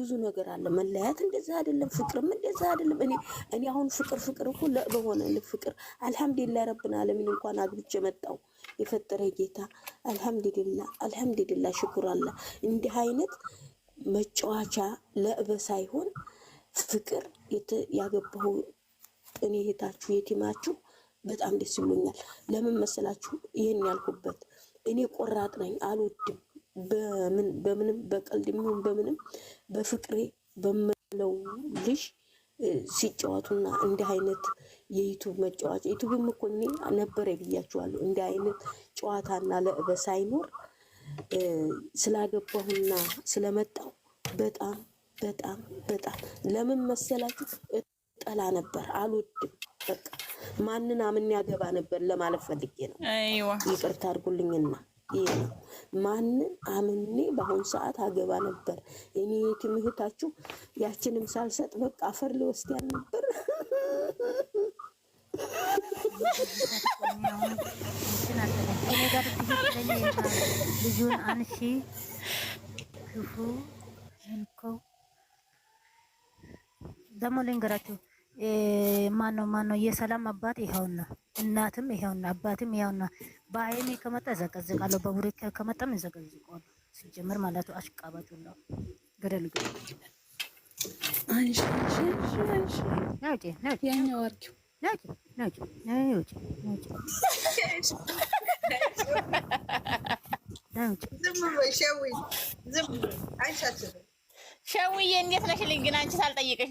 ብዙ ነገር አለ። መለያት እንደዛ አይደለም፣ ፍቅርም እንደዛ አይደለም። እኔ እኔ አሁን ፍቅር ፍቅር እኮ በሆነ ልክ ፍቅር አልሐምዱሊላህ ረብን አለሚን እንኳን አግብቼ መጣው የፈጠረ ጌታ አልሐምዱሊላህ፣ አልሐምዱሊላህ ሽኩር አለ። እንዲህ አይነት መጫዋቻ ለእበ ሳይሆን ፍቅር ያገባው እኔ እህታችሁ የቲማችሁ በጣም ደስ ይሉኛል። ለምን መሰላችሁ? ይህን ያልኩበት እኔ ቆራጥ ነኝ፣ አልወድም በምንም በቀልድ የሚሆን በምንም በፍቅሬ በምለው ልጅ ሲጫወቱና እንዲህ አይነት የዩቱብ መጫወቻ ዩቱብም እኮ እኔ ነበረ ብያችኋለሁ። እንዲህ አይነት ጨዋታና ለእበ ሳይኖር ስላገባሁና ስለመጣው በጣም በጣም በጣም ለምን መሰላችሁ እጠላ ነበር፣ አልወድም። በቃ ማንን አምን ያገባ ነበር ለማለት ፈልጌ ነው። ይቅርታ አድርጉልኝና ይሄ ነው። ማንን አምኔ በአሁኑ ሰዓት አገባ ነበር? እኔ ትምህርታችሁ ያችንም ሳልሰጥ በቃ አፈር ልወስድ ያል ነበር። ልጁን አንሺ ክፉ ደግሞ ልንገራችሁ ማነው ማነው የሰላም አባት ይኸውና፣ እናትም ይኸውና፣ አባትም ይኸውና። በአይኔ ከመጣ ዘቀዝቃለሁ፣ በቡሬክ ከመጣም ዘቀዝቃለሁ። ሲጀምር ማለቱ አሽቃባጭ ነው። ገደል ግቡ። ሸውዬ፣ እንዴት ነሽልኝ ግን አንቺ ሳልጠይቅሽ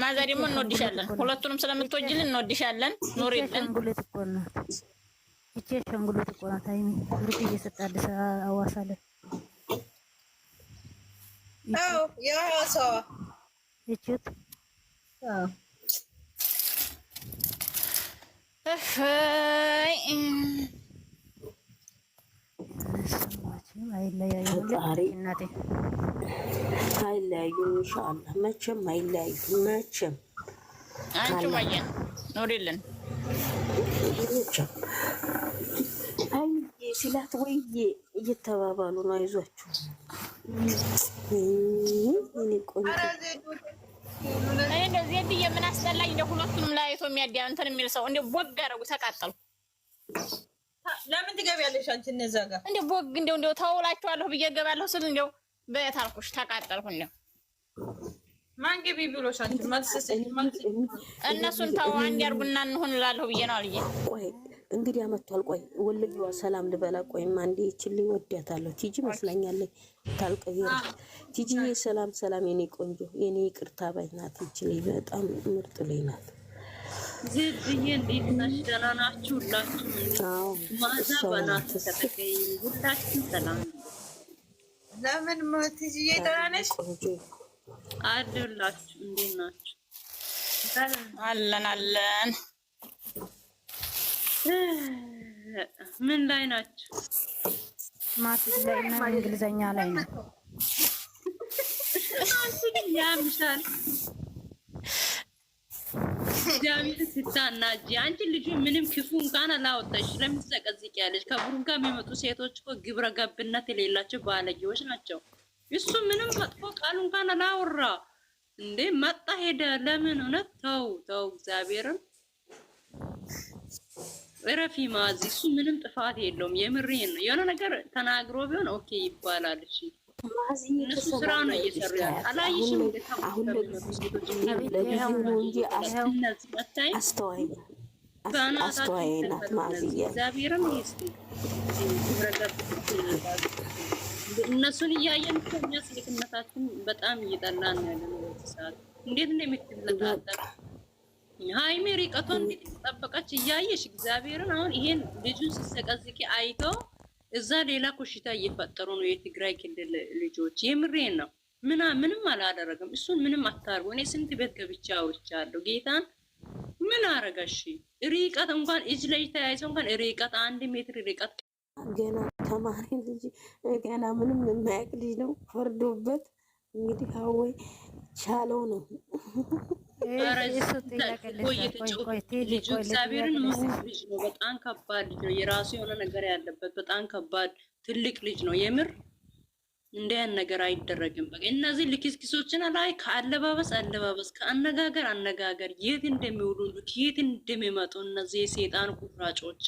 Mazari mo nodishalan, ulat tuh nomsalam itu aja len nodishalan, norit n gule tukul, ichit n gule tukul, kata ini, urut iji setadah, awas ala, oh yo, so ichit, oh, fei. አይለያዩም። ኢንሻላህ መቼም አይለያዩም። መቼም አንቺም አየን አይ ሲላት ወይዬ እየተባባሉ ነው። አይዟችሁ እንደዚህ ምን አስጠላኝ። ሁለቱንም ላይቶ የሚያዲያ እንትን የሚል ሰው እንደ ቦግ አደረጉ። ተቃጠሉ ለምን ትገቢያለሽ አንቺ? እነዛ ጋር እንደ ቦግ እንደው እንደው ተውላችኋለሁ ብዬ እገባለሁ ስል እንደው በታልኩሽ ተቃጠልኩ። እንደው ማን ገቢ ብሎሽ አንቺ? መልስስ እነሱን ተው አንድ ያርጉና እንሆን እላለሁ ብዬ ነው አልዬ። ቆይ እንግዲህ አመቷል። ቆይ ወልዬዋ ሰላም ልበላ። ቆይማ አንዴ ይችልኝ ወዳታለሁ። ቲጂ መስላኛለች ታልቀየ ቲጂ። ሰላም ሰላም፣ የኔ ቆንጆ፣ የኔ ይቅርታ ባይ ናት። ይችልኝ በጣም ምርጥ ልኝ ናት። ዝም ብዬ እንዴት ነሽ? ደህና ናችሁ? ሁላችሁ ማዛ በናት ተጠቀይ ሁላችሁም ሰላም ለምን ሞትዬ ደህና ነሽ? አድላችሁ እንዴት ናችሁ? አለን አለን። ምን ላይ ናችሁ? ማትዝ ላይ እንግሊዘኛ ላይ ነው። አንቺ ያምሻል እግዚአብሔር ስታናጂ አንቺ ልጁ ምንም ክፉ እንኳን አላወጣሽ። ስለምትዘቀዝቅ ያለች ከብሩን ጋር የሚመጡ ሴቶች እኮ ግብረ ገብነት የሌላቸው ባለጌዎች ናቸው። እሱ ምንም መጥፎ ቃሉ እንኳን አላወራ እንዴ መጣ ሄደ። ለምን እውነት ተው ተው፣ እግዚአብሔርን እረፊ ማዚ። እሱ ምንም ጥፋት የለውም። የምሬን ነው። የሆነ ነገር ተናግሮ ቢሆን ኦኬ ይባላል። እሺ ስራ ነው እየሰሩ አላየሽም። አሁን ለጊዜው ነው እንጂ አስተዋይ እነሱን እያየን ከኛ ስልክነታችን በጣም እየጠላን ያለ ነው። ሰዓት እንዴት ነው የምትለጣጠፍ ሀይሜ ሪቀቶ እንዴት ጠበቀች እያየሽ እግዚአብሔርን አሁን ይሄን ልጁን ሲሰቀዝቂ አይተው እዛ ሌላ ኮሽታ እየፈጠሩ ነው የትግራይ ክልል ልጆች። የምሬን ነው። ምና ምንም አላደረግም። እሱን ምንም አታርጉ። እኔ ስንት ቤት ገብቻ አውርቻለሁ። ጌታን ምን አረጋሽ? ርቀት እንኳን እጅ ላይ ተያይዘው እንኳን ርቀት አንድ ሜትር ርቀት ገና ተማሪ ልጅ ገና ምንም የማያውቅ ልጅ ነው። ፈርዶበት እንግዲህ ሀወይ ቻለው ነው ልጁ እግዚአብሔርን ልጅ ነው። በጣም ከባድ ልጅ ነው። የራሱ የሆነ ነገር ያለበት በጣም ከባድ ትልቅ ልጅ ነው። የምር እንዲያን ነገር አይደረግም። በቃ እነዚህ ልክስክሶችን ላይ ከአለባበስ አለባበስ፣ ከአነጋገር አነጋገር የት እንደሚውሉ የት እንደሚመጡ እነዚህ የሴጣን ቁራጮች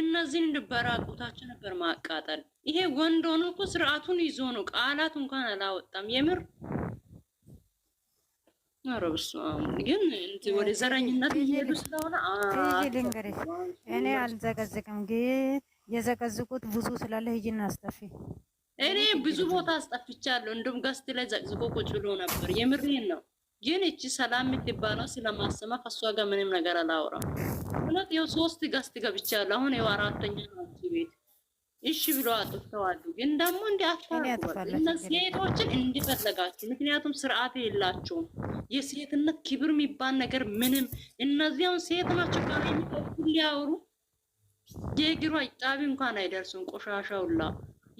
እነዚህን በራቁታቸው ነበር ማቃጠል። ይሄ ወንድ ሆኖ እኮ ስርዓቱን ይዞ ነው። ቃላት እንኳን አላወጣም የምር ኧረ በስመ እኔ አልዘቀዝቅም፣ ግን የዘቀዝቁት ብዙ ስላለ እኔ ብዙ ቦታ አስጠፍቻለሁ። እንደውም ገስት ላይ ዘቅዝቆ ቁጭ ብሎ ነበር። የምሬን ነው። ግን እቺ ሰላም የምትባለው ስለማሰማ ከእሷ ጋር ምንም ነገር አላወራም። ሁለት ይኸው ሶስት ገስት ገብቻለሁ። አሁን ይኸው አራተኛ ቤት እሺ ብሎ አጥፍተዋሉ። ግን ደግሞ እነዚህ ሴቶችን እንዲፈለጋችሁ። ምክንያቱም ስርዓት የላቸውም። የሴትነት ክብር የሚባል ነገር ምንም እነዚያውን ሴት ናቸው ቃ ሊያወሩ የእግሯ ጫቢ እንኳን አይደርሱም። ቆሻሻውላ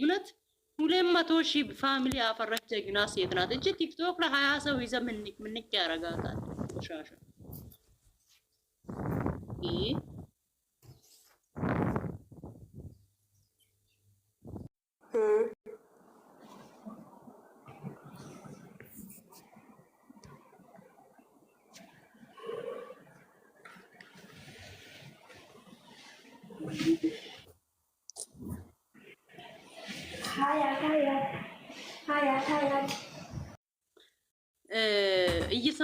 እውነት ሁሌት መቶ ሺህ ፋሚሊ ያፈረች ጀግና ሴት ናት እንጂ ቲክቶክ ላይ ሀያ ሰው ይዘ ምንቅ ምንቅ ያረጋታል ቆሻሻ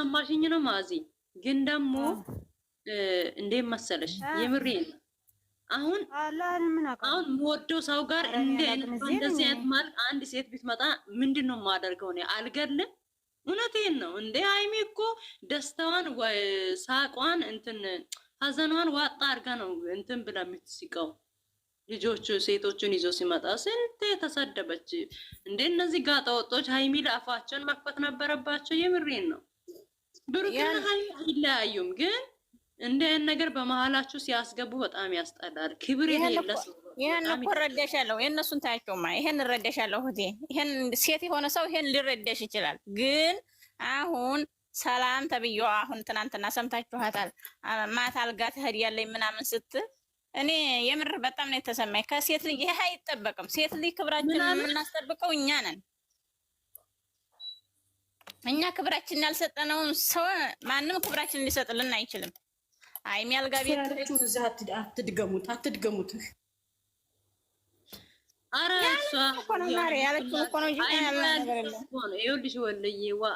እየሰማሽኝ ነው ማዚ። ግን ደግሞ እንዴ መሰለሽ የምሬ አሁን አሁን የምወደው ሰው ጋር እንደ እንደዚህ አይነት ማለት አንድ ሴት ብትመጣ ምንድን ነው የማደርገው? እኔ አልገልም። እውነቴን ነው እንዴ አይሚ እኮ ደስታዋን ሳቋን እንትን ሀዘኗን ዋጣ አድርጋ ነው እንትን ብላ የምትስቀው። ልጆቹ ሴቶቹን ይዞ ሲመጣ ስንቴ ተሰደበች እንዴ! እነዚህ ጋጠወጦች ሀይሚ ለአፋቸውን መክፈት ነበረባቸው። የምሬን ነው። ብሩክና ሀይሚ አይለያዩም፣ ግን እንደ ነገር በመሀላችሁ ሲያስገቡ በጣም ያስጠላል። ክብር የሌለ ሰው እኮ እረዳሻለሁ። የእነሱን ታያቸውማ። ይሄን እረዳሻለሁ እህቴ። ይሄን ሴት የሆነ ሰው ይሄን ሊረዳሽ ይችላል። ግን አሁን ሰላም ተብዬዋ አሁን ትናንትና ሰምታችኋታል። ማታ አልጋ ትሄዳለች ምናምን ስትል እኔ የምር በጣም ነው የተሰማኝ። ከሴት ልጅ ይሄ አይጠበቅም። ሴት ልጅ ክብራችን የምናስጠብቀው እኛ ነን። እኛ ክብራችን ያልሰጠነውን ሰው ማንም ክብራችን ሊሰጥልን አይችልም። አይ የሚያልጋ ቤት አትድገሙት፣ አትድገሙት። አረ እሷ ያለችው እኮ ይኸውልሽ፣ ወልዬ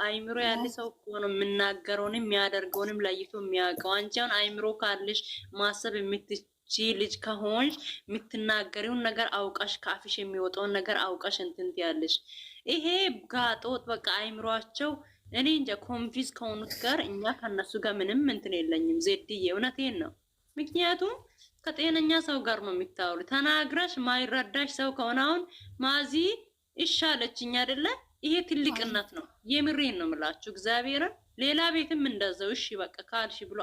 አይምሮ ያለ ሰው እኮ ነው የምናገረውንም የሚያደርገውንም ለይቶ የሚያውቀው። አንቺ አሁን አይምሮ ካለሽ ማሰብ የምትች ልጅ ከሆንሽ የምትናገሪውን ነገር አውቃሽ ከአፍሽ የሚወጣውን ነገር አውቃሽ እንትንት ያለሽ ይሄ ጋጦጥ በቃ አይምሯቸው እኔ እንጃ ኮንፊዝ ከሆኑት ጋር እኛ ከነሱ ጋር ምንም እንትን የለኝም። ዜድዬ እውነቴን ነው። ምክንያቱም ከጤነኛ ሰው ጋር ነው የሚታወሉ። ተናግራሽ ማይረዳሽ ሰው ከሆነ አሁን ማዚ እሻለችኝ አይደለ? ይሄ ትልቅነት ነው። የምሬን ነው የምላችሁ እግዚአብሔርን። ሌላ ቤትም እንደዛው እሺ በቃ ካልሽ ብሎ